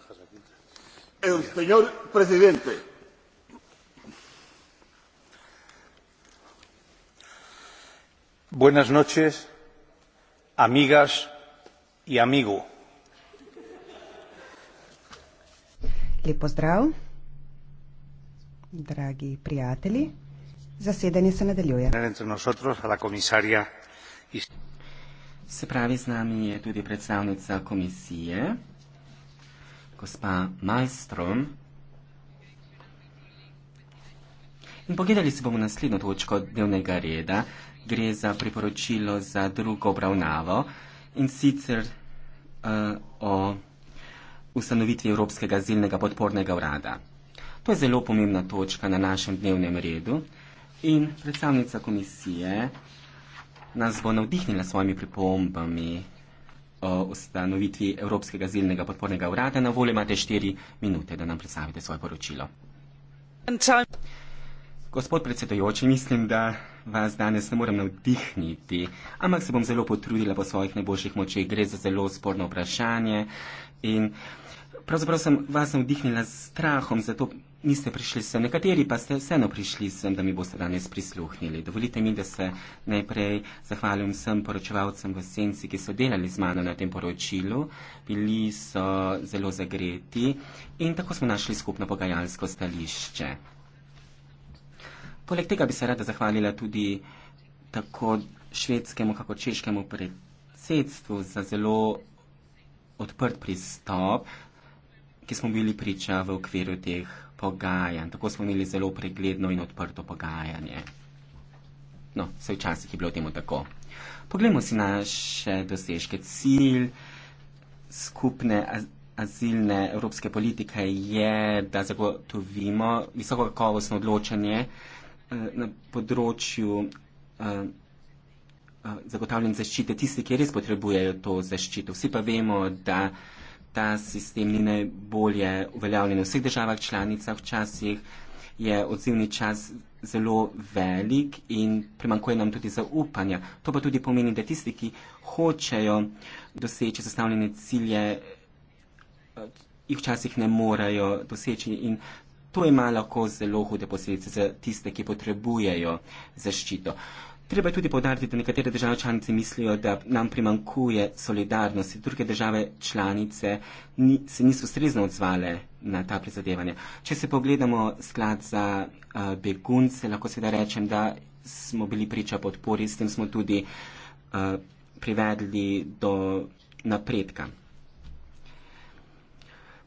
naranjas aquí. El señor presidente. Buenas noches, amigas y amigo. Lep pozdrav, dragi prijatelji. Zasedanje se nadaljuje. Se pravi, z nami je tudi predstavnica komisije gospa Malmström. In pogledali si bomo naslednjo točko dnevnega reda. Gre za priporočilo za drugo obravnavo in sicer uh, o ustanovitvi Evropskega zilnega podpornega urada. To je zelo pomembna točka na našem dnevnem redu in predstavnica komisije nas bo navdihnila s svojimi pripombami ustanovitvi Evropskega zilnega podpornega urada. Na voljo imate štiri minute, da nam predstavite svoje poročilo. Gospod predsedojoči, mislim, da vas danes ne morem navdihniti, ampak se bom zelo potrudila po svojih najboljših močeh. Gre za zelo sporno vprašanje in pravzaprav sem vas navdihnila s strahom, zato niste prišli sem, nekateri pa ste vseeno prišli sem, da mi boste danes prisluhnili. Dovolite mi, da se najprej zahvalim vsem poročevalcem v senci, ki so delali z mano na tem poročilu. Bili so zelo zagreti in tako smo našli skupno pogajalsko stališče. Poleg tega bi se rada zahvalila tudi tako švedskemu, kako češkemu predsedstvu za zelo odprt pristop, ki smo bili priča v okviru teh pogajanj. Tako smo imeli zelo pregledno in odprto pogajanje. No, vse včasih je bilo temu tako. Poglejmo si naše dosežke. Cilj skupne azilne evropske politike je, da zagotovimo visoko kakovostno odločanje eh, na področju eh, eh, zagotavljanja zaščite tistih, ki res potrebujejo to zaščito. Vsi pa vemo, da ta sistem ni najbolje uveljavljen v vseh državah članicah, včasih je odzivni čas zelo velik in primankuje nam tudi zaupanja. To pa tudi pomeni, da tisti, ki hočejo doseči zastavljene cilje, jih včasih ne morajo doseči in to ima lahko zelo hude posledice za tiste, ki potrebujejo zaščito. Treba je tudi povdariti, da nekatere države članice mislijo, da nam primankuje solidarnosti. Druge države članice ni, se niso ustrezno odzvale na ta prizadevanja. Če se pogledamo sklad za uh, begunce, lahko seveda rečem, da smo bili priča podpori, s tem smo tudi uh, privedli do napredka.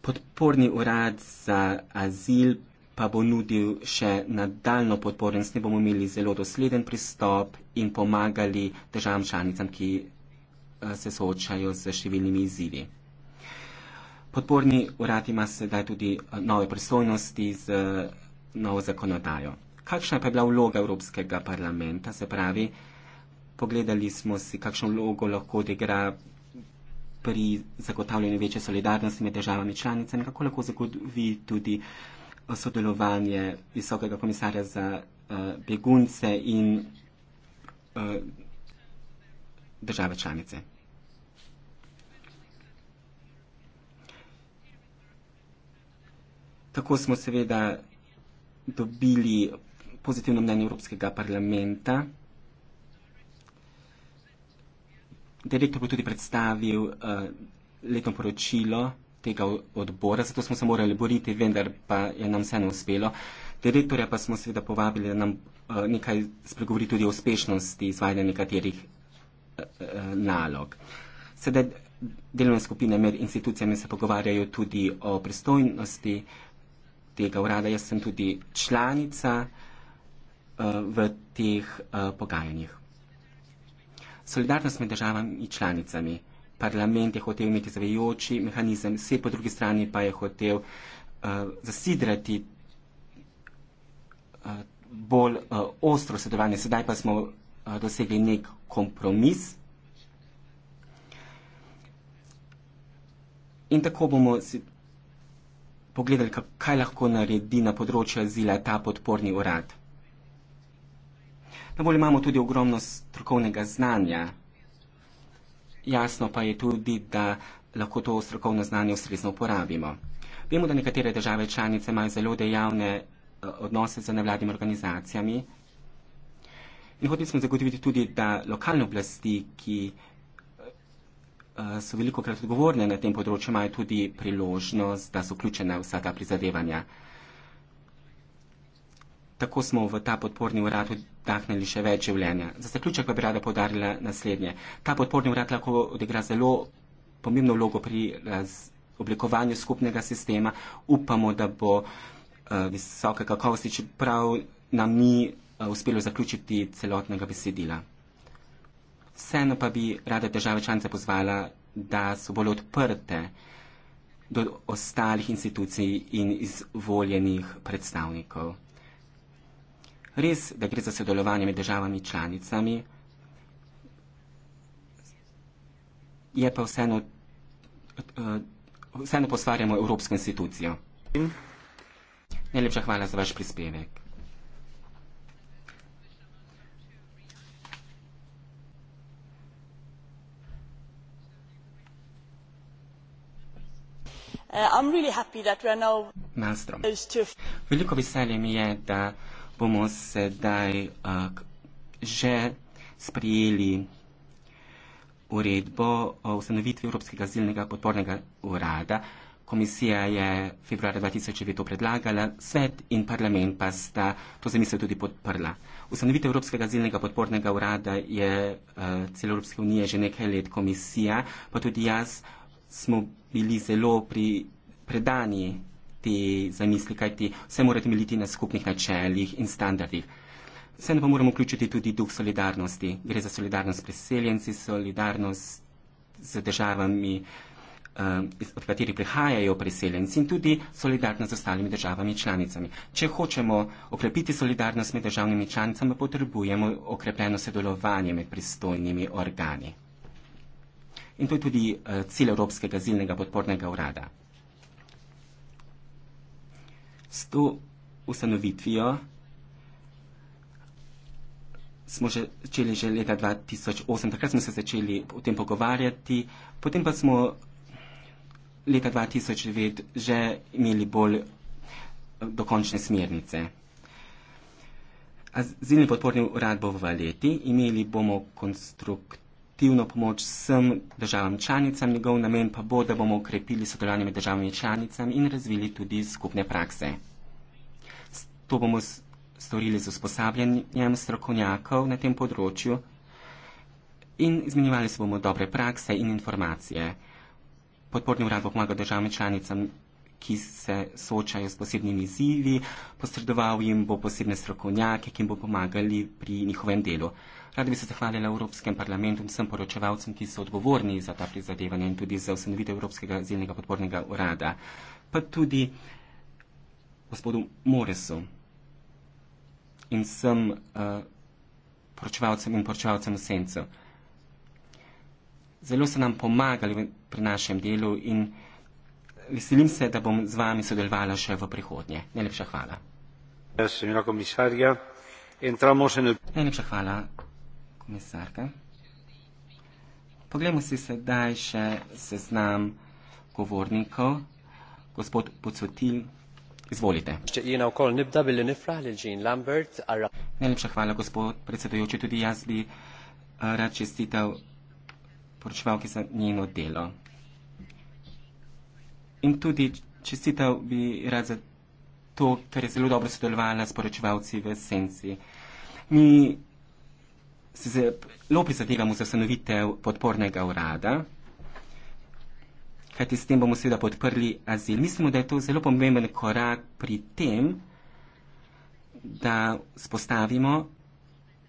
Podporni urad za azil pa bo nudil še nadaljno podporo in s tem bomo imeli zelo dosleden pristop in pomagali državam članicam, ki eh, se soočajo z številnimi izzivi. Podporni urad ima sedaj tudi eh, nove pristojnosti z eh, novo zakonodajo. Kakšna pa je bila vloga Evropskega parlamenta? Se pravi, pogledali smo si, kakšno vlogo lahko odigra pri zagotavljanju večje solidarnosti med državami članicami, kako lahko zagotovi tudi uh, Eh, sodelovanje visokega komisarja za uh, begunce in uh, države članice. Tako smo seveda dobili pozitivno mnenje Evropskega parlamenta. Direktor bo tudi predstavil uh, letno poročilo tega odbora, zato smo se morali boriti, vendar pa je nam vseeno uspelo. Direktorja pa smo seveda povabili, da nam eh, nekaj spregovori tudi o uspešnosti izvajanja nekaterih eh, eh, nalog. Sedaj delovne skupine med institucijami se pogovarjajo tudi o pristojnosti tega urada. Jaz sem tudi članica v teh pogajanjih. Solidarnost med državami in članicami parlament je hotel imeti zavajajoči mehanizem, vse po drugi strani pa je hotel uh, zasidrati uh, bolj uh, ostro sodelovanje. Sedaj pa smo uh, dosegli nek kompromis in tako bomo si pogledali, kaj lahko naredi na področju azila ta podporni urad. Na voljo imamo tudi ogromno strokovnega znanja jasno pa je tudi, da lahko to strokovno znanje ustrezno uporabimo. Vemo, da nekatere države članice imajo zelo dejavne eh, odnose z nevladnimi organizacijami in hoteli smo zagotoviti tudi, da lokalne oblasti, ki eh, so veliko krat odgovorne na tem področju, imajo tudi priložnost, da so vključene v vsa ta prizadevanja. Tako smo v ta podporni urad vdahnili še več življenja. Za zaključek pa bi rada podarila naslednje. Ta podporni urad lahko odigra zelo pomembno vlogo pri oblikovanju skupnega sistema. Upamo, da bo uh, visoke kakovosti, čeprav nam ni uh, uspelo zaključiti celotnega besedila. Vseeno pa bi rada države članice pozvala, da so bolj odprte do ostalih institucij in izvoljenih predstavnikov res, da gre za sodelovanje med državami članicami, je pa vseeno, eh, vseeno posvarjamo Evropsko institucijo. Najlepša hvala za vaš prispevek. Uh, really Maestro, veliko veselje mi je, da bomo sedaj uh, že sprijeli uredbo o ustanovitvi Evropskega azilnega podpornega urada. Komisija je februarja 2009 to predlagala, svet in parlament pa sta to zamisel tudi podprla. Ustanovitev Evropskega azilnega podpornega urada je uh, celo Evropske unije že nekaj let komisija, pa tudi jaz smo bili zelo pri predani te zamisli, kajti vse mora temeljiti na skupnih načeljih in standardih. Vseeno pa moramo vključiti tudi duh solidarnosti. Gre za solidarnost s preseljenci, solidarnost z državami, eh, od katerih prihajajo preseljenci in tudi solidarnost z ostalimi državami članicami. Če hočemo okrepiti solidarnost med državnimi članicami, potrebujemo okrepljeno sodelovanje med pristojnimi organi. In to je tudi eh, cilj Evropskega zilnega podpornega urada. S to ustanovitvijo smo že začeli že leta 2008, takrat smo se začeli o tem pogovarjati, potem pa smo leta 2009 že imeli bolj eh, dokončne smernice. Azilni podporni urad bo v Valeti, imeli bomo konstrukt aktivno pomoč vsem državam članicam, njegov namen pa bo, da bomo ukrepili sodelovanje med državami članicam in razvili tudi skupne prakse. To bomo storili z usposabljanjem strokovnjakov na tem področju in izmenjevali se bomo dobre prakse in informacije. Podporni urad bo pomagal državam članicam ki se soočajo s posebnimi izzivi, posredoval jim bo posebne strokovnjake, ki jim bo pomagali pri njihovem delu. Rada bi se zahvalila Evropskem parlamentu in vsem poročevalcem, ki so odgovorni za ta prizadevanja in tudi za ustanovitev Evropskega zeljnega podpornega urada, pa tudi gospodu Moresu in vsem uh, poročevalcem in poročevalcem v sencu. Zelo so nam pomagali pri našem delu in veselim se, da bom z vami sodelovala še v prihodnje. Najlepša hvala. Ja, Najlepša hvala, komisarka. Poglejmo si sedaj še seznam govornikov. Gospod Pocvotil, izvolite. Najlepša hvala, gospod predsedujoči. Tudi jaz bi eh, rad čestital poročevalki za njeno delo in tudi čestitev bi rad za to, ker je zelo dobro sodelovala s poročevalci v Senci. Mi se zelo prizadevamo za ustanovitev podpornega urada, kajti s tem bomo seveda podprli azil. Mislimo, da je to zelo pomemben korak pri tem, da spostavimo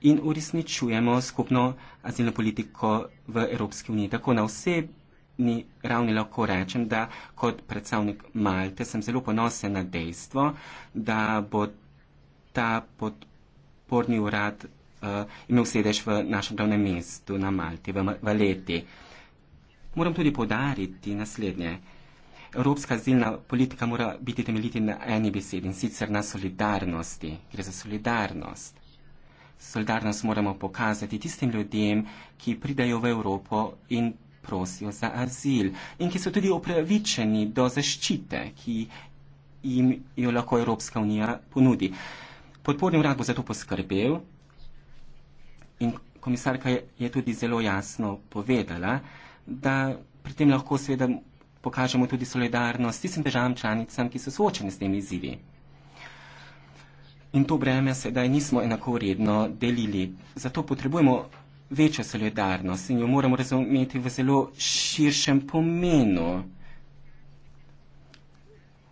in uresničujemo skupno azilno politiko v Evropski uniji, tako na vse ni ravni lahko rečem, da kot predstavnik Malte sem zelo ponosen na dejstvo, da bo ta podporni urad uh, imel sedež v našem glavnem mestu na Malti, v, v leti. Moram tudi podariti naslednje. Evropska zilna politika mora biti temeljiti na eni besedi in sicer na solidarnosti. Gre za solidarnost. Solidarnost moramo pokazati tistim ljudem, ki pridajo v Evropo in prosijo za azil in ki so tudi upravičeni do zaščite, ki jim jo lahko Evropska unija ponudi. Podporni urad bo za to poskrbel in komisarka je tudi zelo jasno povedala, da pri tem lahko seveda pokažemo tudi solidarnost tistim državam članicam, ki so soočene s temi izzivi. In to breme sedaj nismo enako vredno delili. Zato potrebujemo večjo solidarnost in jo moramo razumeti v zelo širšem pomenu.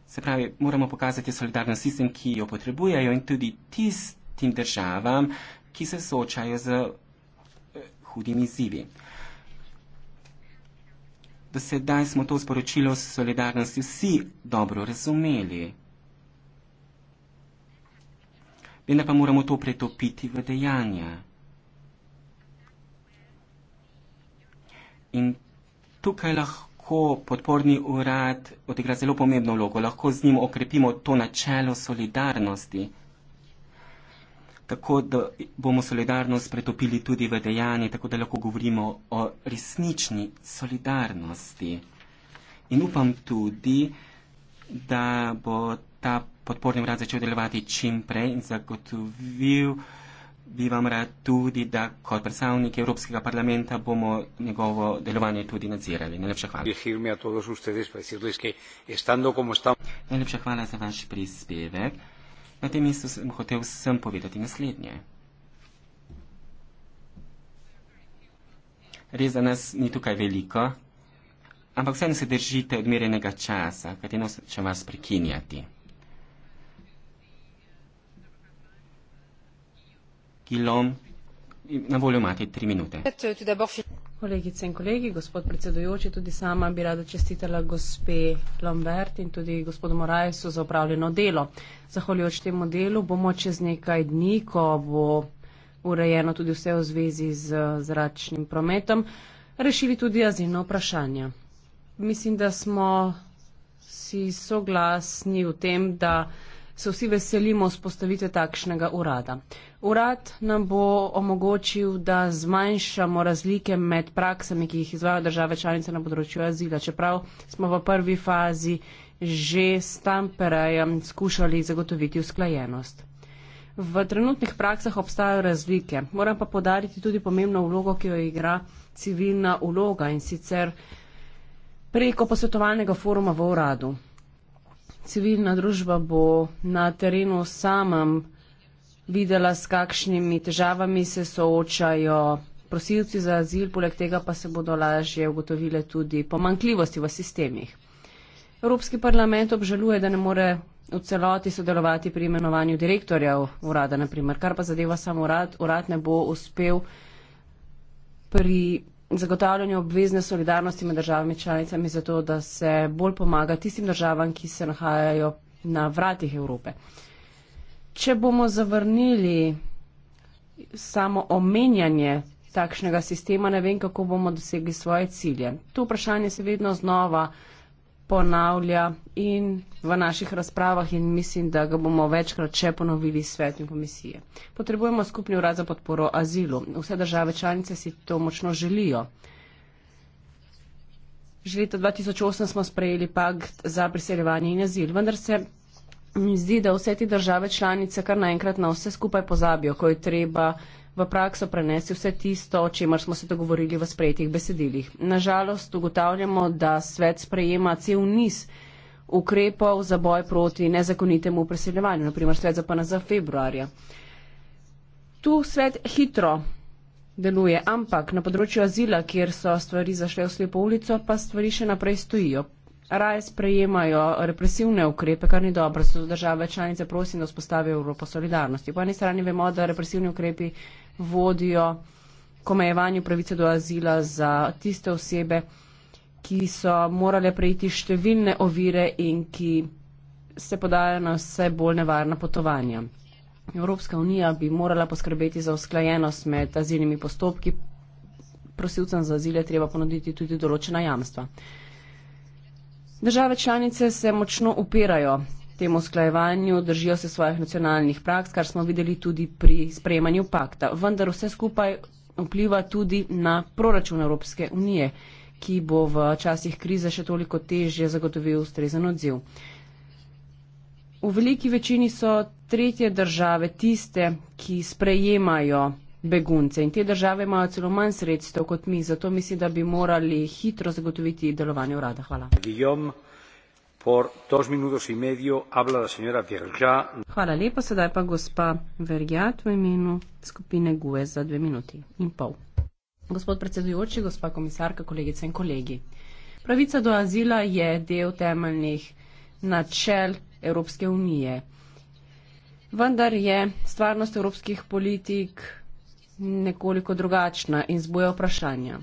Se pravi, moramo pokazati solidarnost tistim, ki jo potrebujejo in tudi tistim državam, ki se soočajo z eh, hudimi izzivi. Do sedaj smo to sporočilo solidarnosti vsi dobro razumeli. Vendar pa moramo to pretopiti v dejanja. In tukaj lahko podporni urad odigra zelo pomembno vlogo, lahko z njim okrepimo to načelo solidarnosti, tako da bomo solidarnost pretopili tudi v dejanje, tako da lahko govorimo o resnični solidarnosti. In upam tudi, da bo ta podporni urad začel delovati čim prej in zagotovil, bi vam rad tudi, da kot predstavnik Evropskega parlamenta bomo njegovo delovanje tudi nadzirali. Najlepša hvala. Najlepša hvala za vaš prispevek. Na tem mestu sem hotel vsem povedati naslednje. Res, da nas ni tukaj veliko, ampak vseeno se držite odmerenega časa, kajti nosim vas prekinjati. Kolegice in kolegi, gospod predsedujoči, tudi sama bi rada čestitala gospe Lambert in tudi gospodu Morajesu za upravljeno delo. Zahvaljujoč temu delu bomo čez nekaj dni, ko bo urejeno tudi vse v zvezi z zračnim prometom, rešili tudi azilno vprašanje. Mislim, da smo si soglasni v tem, da se vsi veselimo spostavitve takšnega urada. Urad nam bo omogočil, da zmanjšamo razlike med praksami, ki jih izvajo države članice na področju azila. Čeprav smo v prvi fazi že s Tamperajem skušali zagotoviti usklajenost. V trenutnih praksah obstajajo razlike. Moram pa podariti tudi pomembno vlogo, ki jo igra civilna vloga in sicer preko posvetovalnega foruma v uradu civilna družba bo na terenu samem videla, s kakšnimi težavami se soočajo prosilci za azil, poleg tega pa se bodo lažje ugotovile tudi pomankljivosti v sistemih. Evropski parlament obžaluje, da ne more v celoti sodelovati pri imenovanju direktorjev urada, naprimer, kar pa zadeva samo urad, urad ne bo uspel pri zagotavljanju obvezne solidarnosti med državami članicami, zato da se bolj pomaga tistim državam, ki se nahajajo na vratih Evrope. Če bomo zavrnili samo omenjanje takšnega sistema, ne vem, kako bomo dosegli svoje cilje. To vprašanje se vedno znova ponavlja in v naših razpravah in mislim, da ga bomo večkrat še ponovili s svetom komisije. Potrebujemo skupni urad za podporo azilu. Vse države članice si to močno želijo. Že leta 2008 smo sprejeli pakt za priseljevanje in azil, vendar se mi zdi, da vse te države članice kar naenkrat na vse skupaj pozabijo, ko je treba v prakso prenesti vse tisto, o čemer smo se dogovorili v sprejetih besedilih. Nažalost, ugotavljamo, da svet sprejema cel niz ukrepov za boj proti nezakonitemu preseljevanju, naprimer svet za PNZ februarja. Tu svet hitro deluje, ampak na področju azila, kjer so stvari zašle v slepo ulico, pa stvari še naprej stojijo. Raje sprejemajo represivne ukrepe, kar ni dobro, zato države članice prosim, da vzpostavijo Evropo solidarnosti. Po eni strani vemo, da represivni ukrepi vodijo k omejevanju pravice do azila za tiste osebe, ki so morale prejiti številne ovire in ki se podajo na vse bolj nevarna potovanja. Evropska unija bi morala poskrbeti za usklajenost med azilnimi postopki, prosilcem za azile treba ponuditi tudi določena jamstva. Države članice se močno upirajo tem usklajevanju držijo se svojih nacionalnih praks, kar smo videli tudi pri sprejemanju pakta. Vendar vse skupaj vpliva tudi na proračun Evropske unije, ki bo v časih krize še toliko težje zagotovil ustrezen odziv. V veliki večini so tretje države tiste, ki sprejemajo begunce in te države imajo celo manj sredstev kot mi. Zato mislim, da bi morali hitro zagotoviti delovanje urada. Hvala. Guillaume. Hvala lepa, sedaj pa gospa Verjat v imenu skupine GUE za dve minuti in pol. Gospod predsedujoči, gospa komisarka, kolegice in kolegi. Pravica do azila je del temeljnih načel Evropske unije. Vendar je stvarnost evropskih politik nekoliko drugačna in zbuja vprašanja.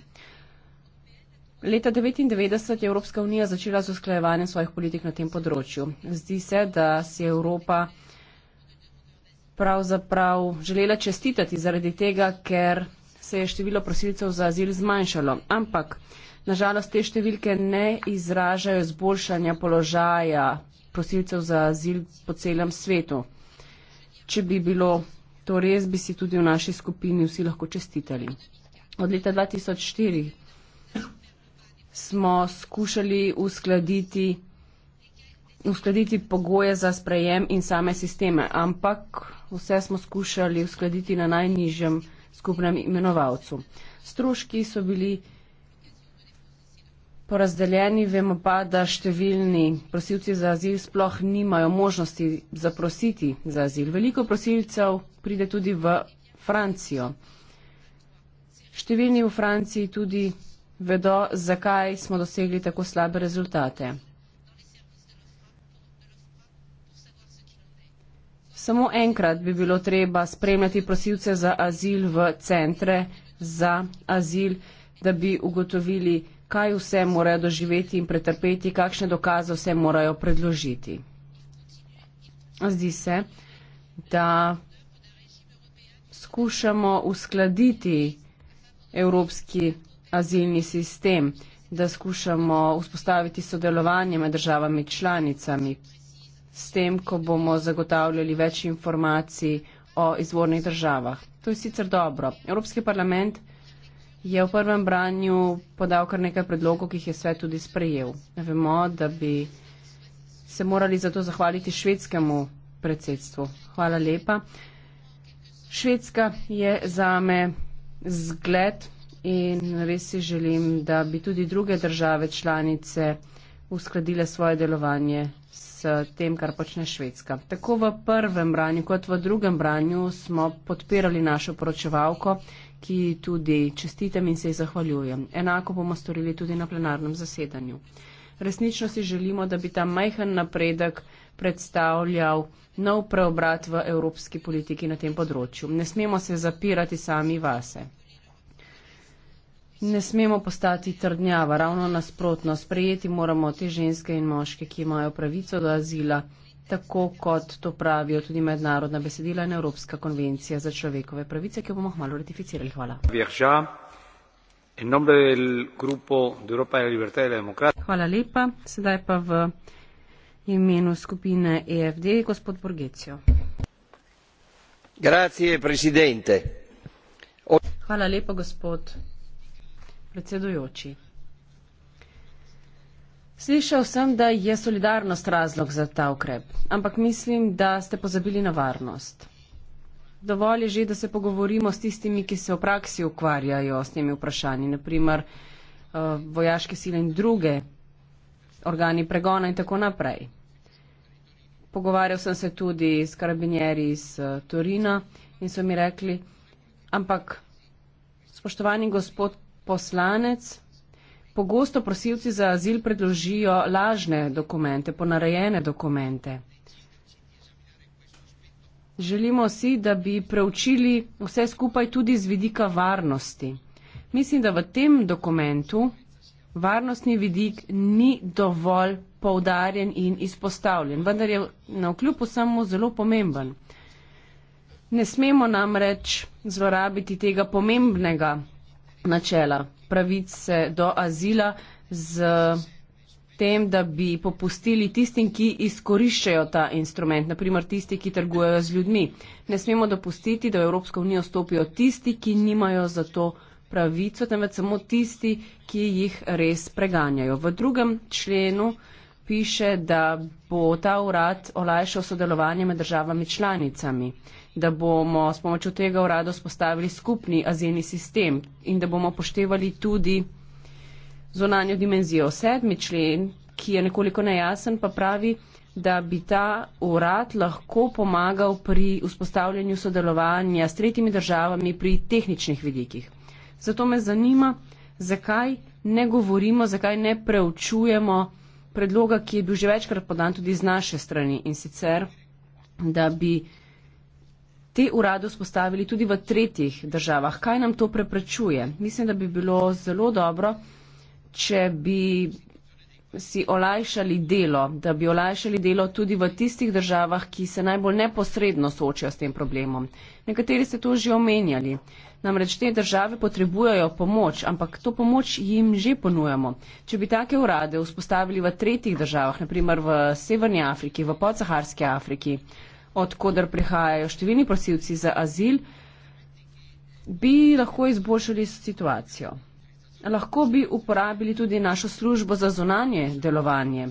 Leta 1999 je Evropska unija začela z usklajevanjem svojih politik na tem področju. Zdi se, da si Evropa pravzaprav želela čestitati zaradi tega, ker se je število prosilcev za azil zmanjšalo. Ampak nažalost te številke ne izražajo zboljšanja položaja prosilcev za azil po celem svetu. Če bi bilo to res, bi si tudi v naši skupini vsi lahko čestitali. Od leta 2004 smo skušali uskladiti, uskladiti pogoje za sprejem in same sisteme, ampak vse smo skušali uskladiti na najnižjem skupnem imenovalcu. Stroški so bili porazdeljeni, vemo pa, da številni prosilci za azil sploh nimajo možnosti zaprositi za azil. Veliko prosilcev pride tudi v Francijo. Številni v Franciji tudi vedo, zakaj smo dosegli tako slabe rezultate. Samo enkrat bi bilo treba spremljati prosilce za azil v centre za azil, da bi ugotovili, kaj vse morajo doživeti in pretrpeti, kakšne dokaze vse morajo predložiti. Zdi se, da skušamo uskladiti evropski azilni sistem, da skušamo vzpostaviti sodelovanje med državami članicami, s tem, ko bomo zagotavljali več informacij o izvornih državah. To je sicer dobro. Evropski parlament je v prvem branju podal kar nekaj predlogov, ki jih je svet tudi sprejel. Vemo, da bi se morali zato zahvaliti švedskemu predsedstvu. Hvala lepa. Švedska je zame zgled in res si želim, da bi tudi druge države članice uskladile svoje delovanje s tem, kar počne Švedska. Tako v prvem branju kot v drugem branju smo podpirali našo poročevalko, ki tudi čestitam in se ji zahvaljujem. Enako bomo storili tudi na plenarnem zasedanju. Resnično si želimo, da bi ta majhen napredek predstavljal nov preobrat v evropski politiki na tem področju. Ne smemo se zapirati sami vase. Ne smemo postati trdnjava, ravno nasprotno, sprejeti moramo te ženske in moške, ki imajo pravico do azila, tako kot to pravijo tudi mednarodna besedila in Evropska konvencija za človekove pravice, ki jo bomo hmalo ratificirali. Hvala. Hvala lepa. Sedaj pa v imenu skupine EFD, gospod Borgecio. Hvala lepa, gospod Predsedujoči. Slišal sem, da je solidarnost razlog za ta ukrep, ampak mislim, da ste pozabili na varnost. Dovolj je že, da se pogovorimo s tistimi, ki se v praksi ukvarjajo s temi vprašanji, naprimer eh, vojaške sile in druge, organi pregona in tako naprej. Pogovarjal sem se tudi s karabinjeri iz eh, Torina in so mi rekli, ampak spoštovani gospod poslanec. Pogosto prosilci za azil predložijo lažne dokumente, ponarejene dokumente. Želimo si, da bi preučili vse skupaj tudi z vidika varnosti. Mislim, da v tem dokumentu varnostni vidik ni dovolj poudarjen in izpostavljen, vendar je na vkljub vsemu zelo pomemben. Ne smemo namreč zlorabiti tega pomembnega načela pravice do azila z tem, da bi popustili tistim, ki izkoriščajo ta instrument, naprimer tisti, ki trgujejo z ljudmi. Ne smemo dopustiti, da v Evropsko unijo stopijo tisti, ki nimajo za to pravico, temveč samo tisti, ki jih res preganjajo. V drugem členu piše, da bo ta urad olajšal sodelovanje med državami članicami da bomo s pomočjo tega urada spostavili skupni azijski sistem in da bomo poštevali tudi zonanjo dimenzijo. Sedmi člen, ki je nekoliko nejasen, pa pravi, da bi ta urad lahko pomagal pri vzpostavljanju sodelovanja s tretjimi državami pri tehničnih vidikih. Zato me zanima, zakaj ne govorimo, zakaj ne preučujemo predloga, ki je bil že večkrat podan tudi z naše strani in sicer, da bi te urade vzpostavili tudi v tretjih državah. Kaj nam to preprečuje? Mislim, da bi bilo zelo dobro, če bi si olajšali delo, da bi olajšali delo tudi v tistih državah, ki se najbolj neposredno soočajo s tem problemom. Nekateri ste to že omenjali. Namreč te države potrebujejo pomoč, ampak to pomoč jim že ponujamo. Če bi take urade vzpostavili v tretjih državah, naprimer v Severni Afriki, v podsaharski Afriki, odkudar prihajajo številni prosilci za azil, bi lahko izboljšali situacijo. Lahko bi uporabili tudi našo službo za zunanje delovanje.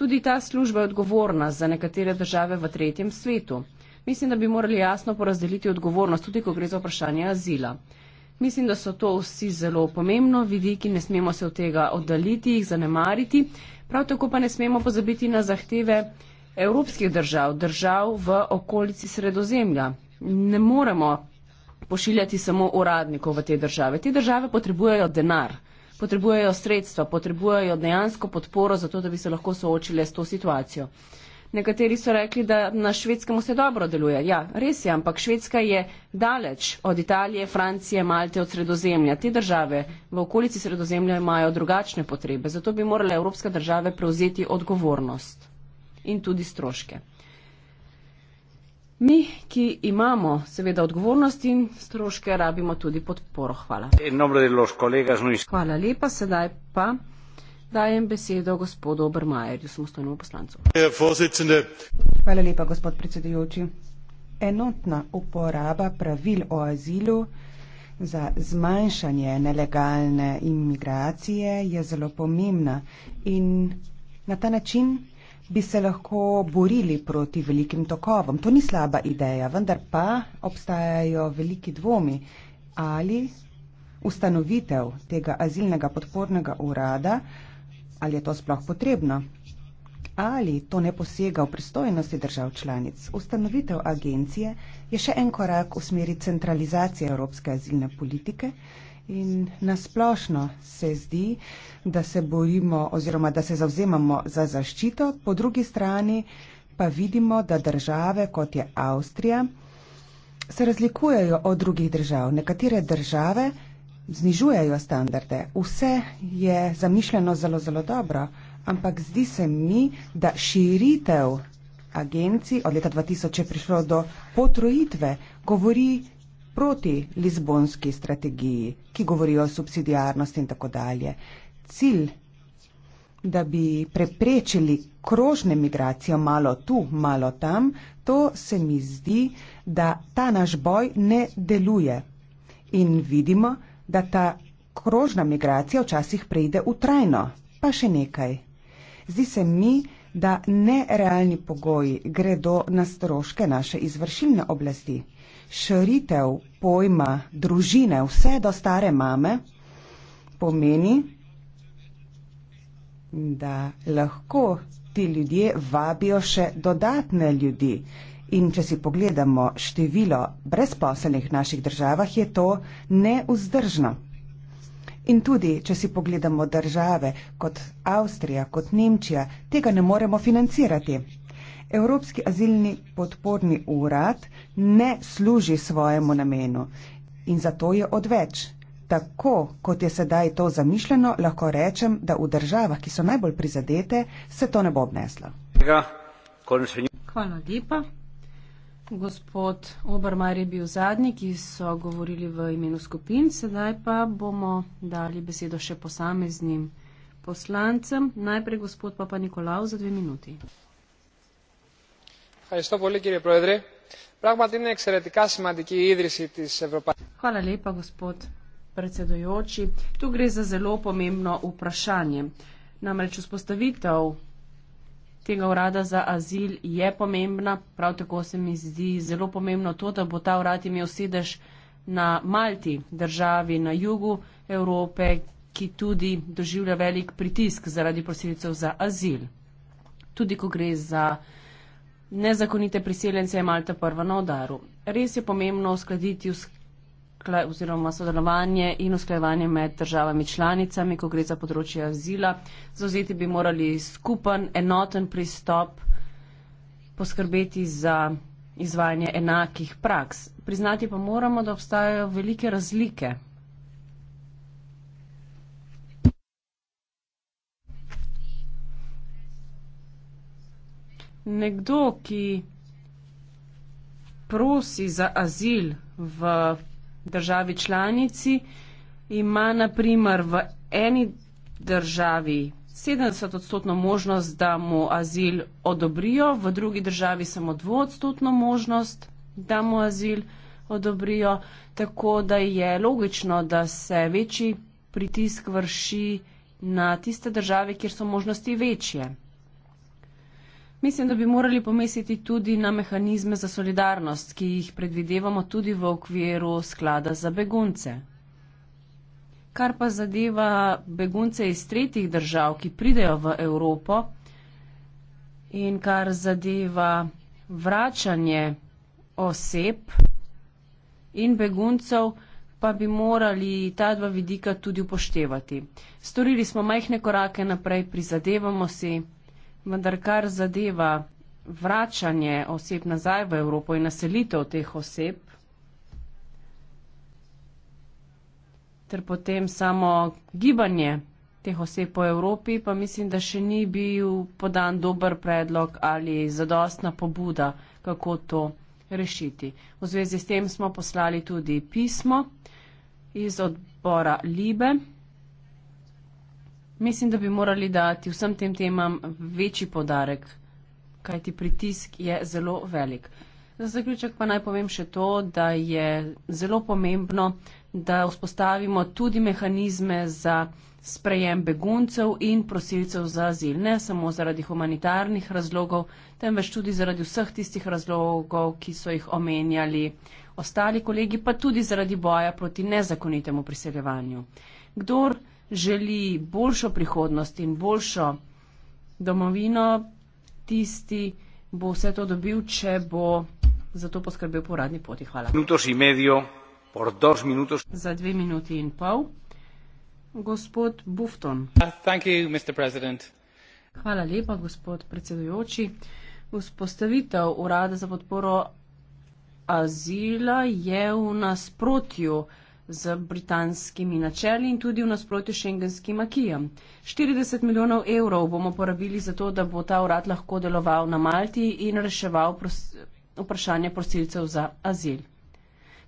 Tudi ta služba je odgovorna za nekatere države v tretjem svetu. Mislim, da bi morali jasno porazdeliti odgovornost, tudi ko gre za vprašanje azila. Mislim, da so to vsi zelo pomembno vidiki, ne smemo se od tega oddaliti, jih zanemariti, prav tako pa ne smemo pozabiti na zahteve evropskih držav, držav v okolici sredozemlja. Ne moremo pošiljati samo uradnikov v te države. Te države potrebujejo denar, potrebujejo sredstva, potrebujejo dejansko podporo za to, da bi se lahko soočile s to situacijo. Nekateri so rekli, da na švedskem vse dobro deluje. Ja, res je, ampak Švedska je daleč od Italije, Francije, Malte, od sredozemlja. Te države v okolici sredozemlja imajo drugačne potrebe, zato bi morale evropske države prevzeti odgovornost in tudi stroške. Mi, ki imamo seveda odgovornost in stroške, rabimo tudi podporo. Hvala. No Hvala lepa, sedaj pa dajem besedo gospodu Obermajerju, samostojnemu poslancu. Hvala lepa, gospod predsedujoči. Enotna uporaba pravil o azilu za zmanjšanje nelegalne imigracije je zelo pomembna in na ta način bi se lahko borili proti velikim tokovom. To ni slaba ideja, vendar pa obstajajo veliki dvomi ali ustanovitev tega azilnega podpornega urada, ali je to sploh potrebno, ali to ne posega v pristojnosti držav članic. Ustanovitev agencije je še en korak v smeri centralizacije evropske azilne politike, In nasplošno se zdi, da se borimo oziroma da se zavzemamo za zaščito, po drugi strani pa vidimo, da države kot je Avstrija se razlikujejo od drugih držav. Nekatere države znižujejo standarde. Vse je zamišljeno zelo, zelo dobro, ampak zdi se mi, da širitev agencij od leta 2000 je prišlo do potrojitve, govori proti Lizbonski strategiji, ki govori o subsidijarnosti in tako dalje. Cilj, da bi preprečili krožne migracije malo tu, malo tam, to se mi zdi, da ta naš boj ne deluje. In vidimo, da ta krožna migracija včasih prejde v trajno. Pa še nekaj. Zdi se mi, da nerealni pogoji gredo na stroške naše izvršilne oblasti. Širitev pojma družine vse do stare mame pomeni, da lahko ti ljudje vabijo še dodatne ljudi. In če si pogledamo število brezposelnih v naših državah, je to neuzdržno. In tudi, če si pogledamo države kot Avstrija, kot Nemčija, tega ne moremo financirati. Evropski azilni podporni urad ne služi svojemu namenu in zato je odveč. Tako, kot je sedaj to zamišljeno, lahko rečem, da v državah, ki so najbolj prizadete, se to ne bo obneslo. Hvala lepa. Gospod Obermar je bil zadnji, ki so govorili v imenu skupin, sedaj pa bomo dali besedo še posameznim poslancem. Najprej gospod Papa Nikolaus za dve minuti. Hvala lepa, gospod predsedojoči. Tu gre za zelo pomembno vprašanje. Namreč vzpostavitev tega urada za azil je pomembna. Prav tako se mi zdi zelo pomembno to, da bo ta urad imel sedež na Malti, državi na jugu Evrope, ki tudi doživlja velik pritisk zaradi prosilcev za azil. Tudi ko gre za nezakonite priseljence, je Malta prva na odaru. Res je pomembno uskladiti vsk oziroma sodelovanje in usklajevanje med državami članicami, ko gre za področje azila. Zauzeti bi morali skupen, enoten pristop, poskrbeti za izvajanje enakih praks. Priznati pa moramo, da obstajajo velike razlike. Nekdo, ki prosi za azil v državi članici ima naprimer v eni državi 70 odstotno možnost, da mu azil odobrijo, v drugi državi samo 2 odstotno možnost, da mu azil odobrijo, tako da je logično, da se večji pritisk vrši na tiste države, kjer so možnosti večje. Mislim, da bi morali pomisliti tudi na mehanizme za solidarnost, ki jih predvidevamo tudi v okviru sklada za begunce. Kar pa zadeva begunce iz tretjih držav, ki pridejo v Evropo in kar zadeva vračanje oseb in beguncev, pa bi morali ta dva vidika tudi upoštevati. Storili smo majhne korake naprej, prizadevamo si vendar kar zadeva vračanje oseb nazaj v Evropo in naselitev teh oseb, ter potem samo gibanje teh oseb po Evropi, pa mislim, da še ni bil podan dober predlog ali zadostna pobuda, kako to rešiti. V zvezi s tem smo poslali tudi pismo iz odbora Libe. Mislim, da bi morali dati vsem tem temam večji podarek, kajti pritisk je zelo velik. Za zaključek pa naj povem še to, da je zelo pomembno, da vzpostavimo tudi mehanizme za sprejem beguncev in prosilcev za azil, ne samo zaradi humanitarnih razlogov, temveč tudi zaradi vseh tistih razlogov, ki so jih omenjali ostali kolegi, pa tudi zaradi boja proti nezakonitemu priseljevanju. Kdor želi boljšo prihodnost in boljšo domovino, tisti bo vse to dobil, če bo za to poskrbel po radni poti. Hvala. Za dve minuti in pol. Gospod Bufton. Hvala lepa, gospod predsedujoči. Vzpostavitev urada za podporo azila je v nasprotju z britanskimi načeli in tudi v nasprotju s šengenskim akijem. 40 milijonov evrov bomo porabili za to, da bo ta urad lahko deloval na Malti in reševal pros vprašanje prosilcev za azil.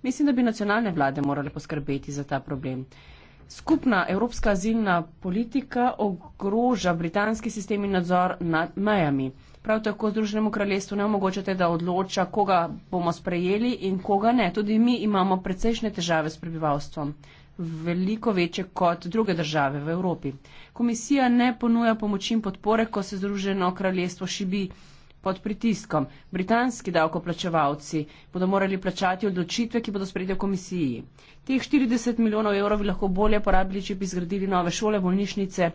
Mislim, da bi nacionalne vlade morale poskrbeti za ta problem. Skupna evropska azilna politika ogroža britanski sistem in nadzor nad mejami prav tako Združenemu kraljestvu ne omogočate, da odloča, koga bomo sprejeli in koga ne. Tudi mi imamo precejšnje težave s prebivalstvom, veliko večje kot druge države v Evropi. Komisija ne ponuja pomoči in podpore, ko se Združeno kraljestvo šibi pod pritiskom. Britanski davkoplačevalci bodo morali plačati odločitve, ki bodo sprejete v komisiji. Teh 40 milijonov evrov bi lahko bolje porabili, če bi zgradili nove šole, bolnišnice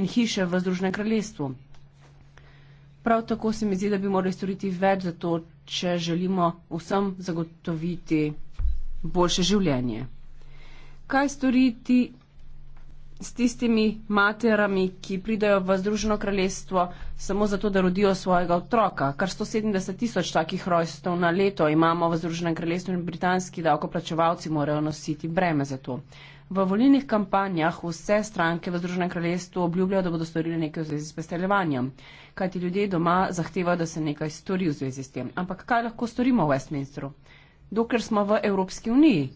in hiše v Združenem kraljestvu. Prav tako se mi zdi, da bi morali storiti več za to, če želimo vsem zagotoviti boljše življenje. Kaj storiti s tistimi materami, ki pridajo v Združeno kraljestvo samo zato, da rodijo svojega otroka? Kar 170 tisoč takih rojstev na leto imamo v Združenem kraljestvu in britanski davkoplačevalci morajo nositi breme za to. V volilnih kampanjah vse stranke v Združenem kraljestvu obljubljajo, da bodo storili nekaj v zvezi s preseljevanjem, kajti ljudje doma zahtevajo, da se nekaj stori v zvezi s tem. Ampak kaj lahko storimo v Westminsteru? Dokler smo v Evropski uniji.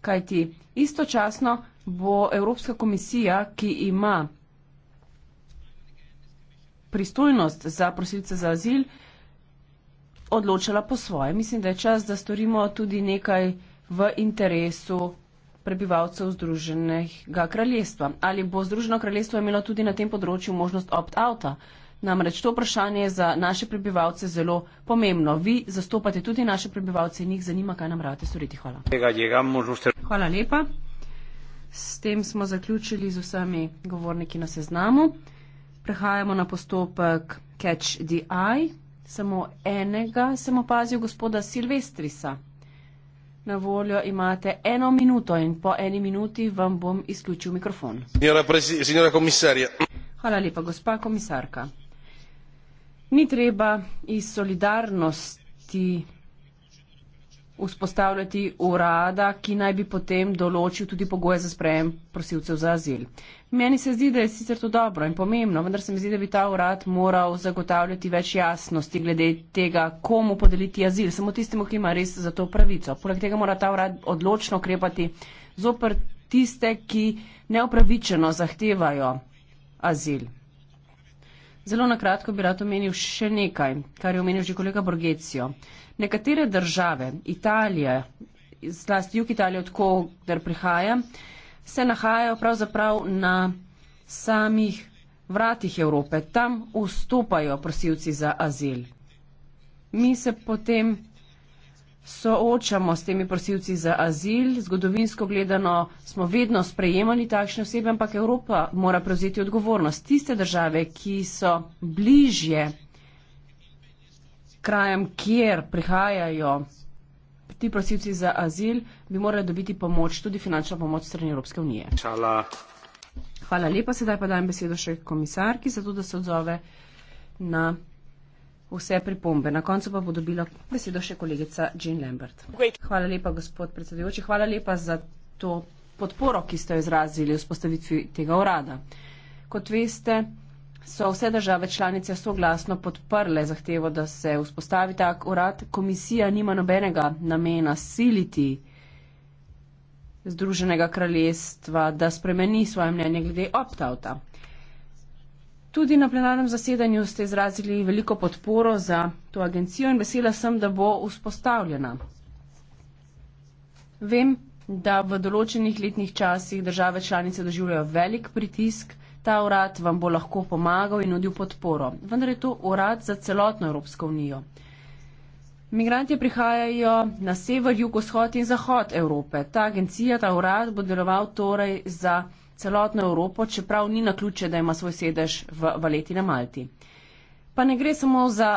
Kajti istočasno bo Evropska komisija, ki ima pristojnost za prosilce za azil, odločala po svoje. Mislim, da je čas, da storimo tudi nekaj v interesu prebivalcev Združenega kraljestva. Ali bo Združeno kraljestvo imelo tudi na tem področju možnost opt-outa? Namreč to vprašanje je za naše prebivalce zelo pomembno. Vi zastopate tudi naše prebivalce in njih zanima, kaj nam ravate storiti. Hvala. Hvala lepa. S tem smo zaključili z vsemi govorniki na seznamu. Prehajamo na postopek Catch the Eye. Samo enega sem opazil, gospoda Silvestrisa. Na voljo imate eno minuto in po eni minuti vam bom izključil mikrofon. Signora komisarja. Hvala lepa, gospa komisarka. Ni treba iz solidarnosti vzpostavljati urada, ki naj bi potem določil tudi pogoje za sprejem prosilcev za azil. Meni se zdi, da je sicer to dobro in pomembno, vendar se mi zdi, da bi ta urad moral zagotavljati več jasnosti glede tega, komu podeliti azil, samo tistemu, ki ima res za to pravico. Poleg tega mora ta urad odločno ukrepati zopr tiste, ki neopravičeno zahtevajo azil. Zelo na kratko bi rad omenil še nekaj, kar je omenil že kolega Borgecijo. Nekatere države, Italija, zlasti jug Italije, odkogar prihaja, se nahajajo pravzaprav na samih vratih Evrope. Tam vstopajo prosilci za azil. Mi se potem soočamo s temi prosilci za azil. Zgodovinsko gledano smo vedno sprejemali takšne osebe, ampak Evropa mora prevzeti odgovornost. Tiste države, ki so bližje krajem, kjer prihajajo ti prosilci za azil, bi morali dobiti pomoč, tudi finančno pomoč strani Evropske unije. Hvala. Hvala lepa, sedaj pa dajem besedo še komisarki, zato da se odzove na vse pripombe. Na koncu pa bo dobila besedo še kolegica Jean Lambert. Great. Hvala lepa, gospod predsedujoči, hvala lepa za to podporo, ki ste jo izrazili v spostavitvi tega urada. Kot veste, so vse države članice soglasno podprle zahtevo, da se vzpostavi tak urad. Komisija nima nobenega namena siliti Združenega kraljestva, da spremeni svoje mnenje glede opt-outa. Tudi na plenarnem zasedanju ste izrazili veliko podporo za to agencijo in vesela sem, da bo vzpostavljena. Vem, da v določenih letnih časih države članice doživljajo velik pritisk, Ta urad vam bo lahko pomagal in nudil podporo, vendar je to urad za celotno Evropsko unijo. Migranti prihajajo na sever, jug, vzhod in zahod Evrope. Ta agencija, ta urad bo deloval torej za celotno Evropo, čeprav ni na ključe, da ima svoj sedež v Valeti na Malti. Pa ne gre samo za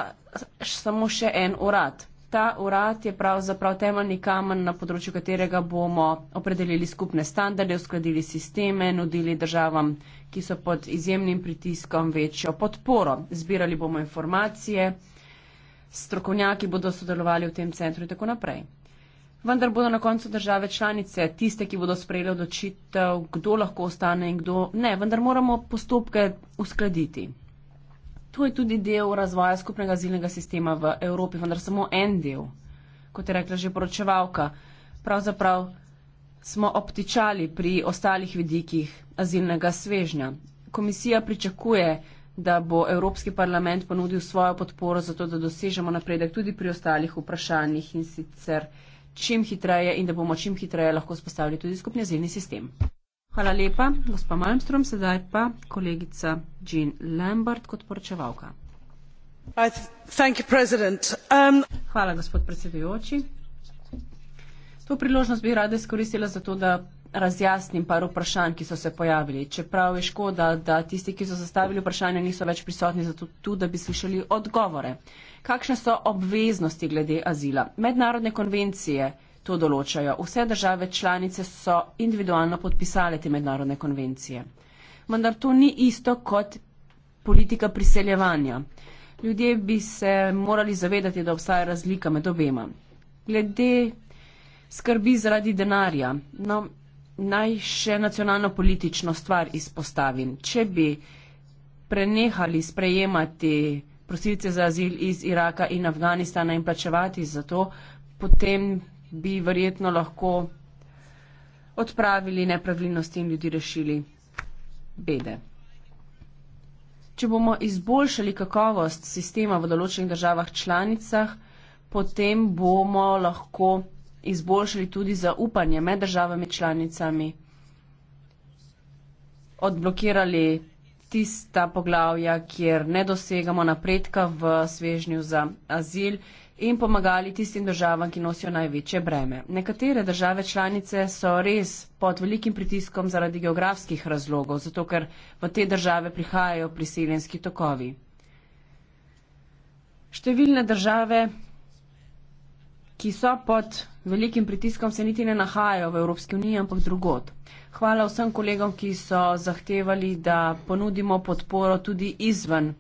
samo še en urad ta urad je pravzaprav temeljni kamen, na področju katerega bomo opredelili skupne standarde, uskladili sisteme, nudili državam, ki so pod izjemnim pritiskom, večjo podporo. Zbirali bomo informacije, strokovnjaki bodo sodelovali v tem centru in tako naprej. Vendar bodo na koncu države članice tiste, ki bodo sprejeli odločitev, kdo lahko ostane in kdo ne. Vendar moramo postopke uskladiti to je tudi del razvoja skupnega azilnega sistema v Evropi, vendar samo en del, kot je rekla že poročevalka. Pravzaprav smo optičali pri ostalih vidikih azilnega svežnja. Komisija pričakuje, da bo Evropski parlament ponudil svojo podporo za to, da dosežemo napredek tudi pri ostalih vprašanjih in sicer čim hitreje in da bomo čim hitreje lahko spostavili tudi skupni azilni sistem. Hvala lepa, gospa Malmstrom. Sedaj pa kolegica Jean Lambert kot poročevalka. Um, Hvala, gospod predsedujoči. To priložnost bi rada izkoristila za to, da razjasnim par vprašanj, ki so se pojavili. Čeprav je škoda, da tisti, ki so zastavili vprašanja, niso več prisotni, zato tu, da bi slišali odgovore. Kakšne so obveznosti glede azila? Mednarodne konvencije to določajo. Vse države članice so individualno podpisale te mednarodne konvencije. Vendar to ni isto kot politika priseljevanja. Ljudje bi se morali zavedati, da obstaja razlika med obema. Glede skrbi zaradi denarja, no, naj še nacionalno-politično stvar izpostavim. Če bi prenehali sprejemati prosilce za azil iz Iraka in Afganistana in plačevati za to, potem bi verjetno lahko odpravili nepravilnosti in ljudi rešili bede. Če bomo izboljšali kakovost sistema v določenih državah članicah, potem bomo lahko izboljšali tudi zaupanje med državami članicami, odblokirali tista poglavja, kjer ne dosegamo napredka v svežnju za azil in pomagali tistim državam, ki nosijo največje breme. Nekatere države članice so res pod velikim pritiskom zaradi geografskih razlogov, zato ker v te države prihajajo priseljenski tokovi. Številne države, ki so pod velikim pritiskom, se niti ne nahajajo v Evropski uniji, ampak drugod. Hvala vsem kolegom, ki so zahtevali, da ponudimo podporo tudi izven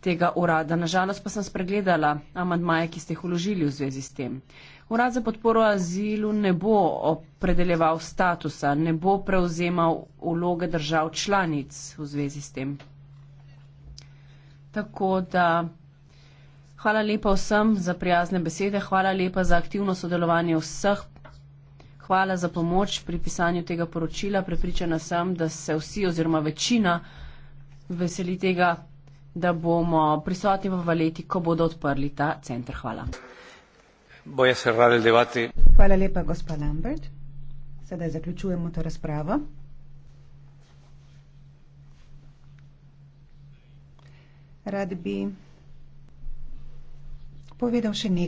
tega urada. Nažalost pa sem spregledala amadmaje, ki ste jih uložili v zvezi s tem. Urad za podporo azilu ne bo opredeljeval statusa, ne bo prevzemal uloge držav članic v zvezi s tem. Tako da hvala lepa vsem za prijazne besede, hvala lepa za aktivno sodelovanje vseh, hvala za pomoč pri pisanju tega poročila. Prepričana sem, da se vsi oziroma večina veseli tega da bomo prisotni v Valeti, ko bodo odprli ta center. Hvala. Boje se rade debati. Hvala lepa, gospod Lambert. Sedaj zaključujemo to razpravo. Rad bi povedal še nekaj.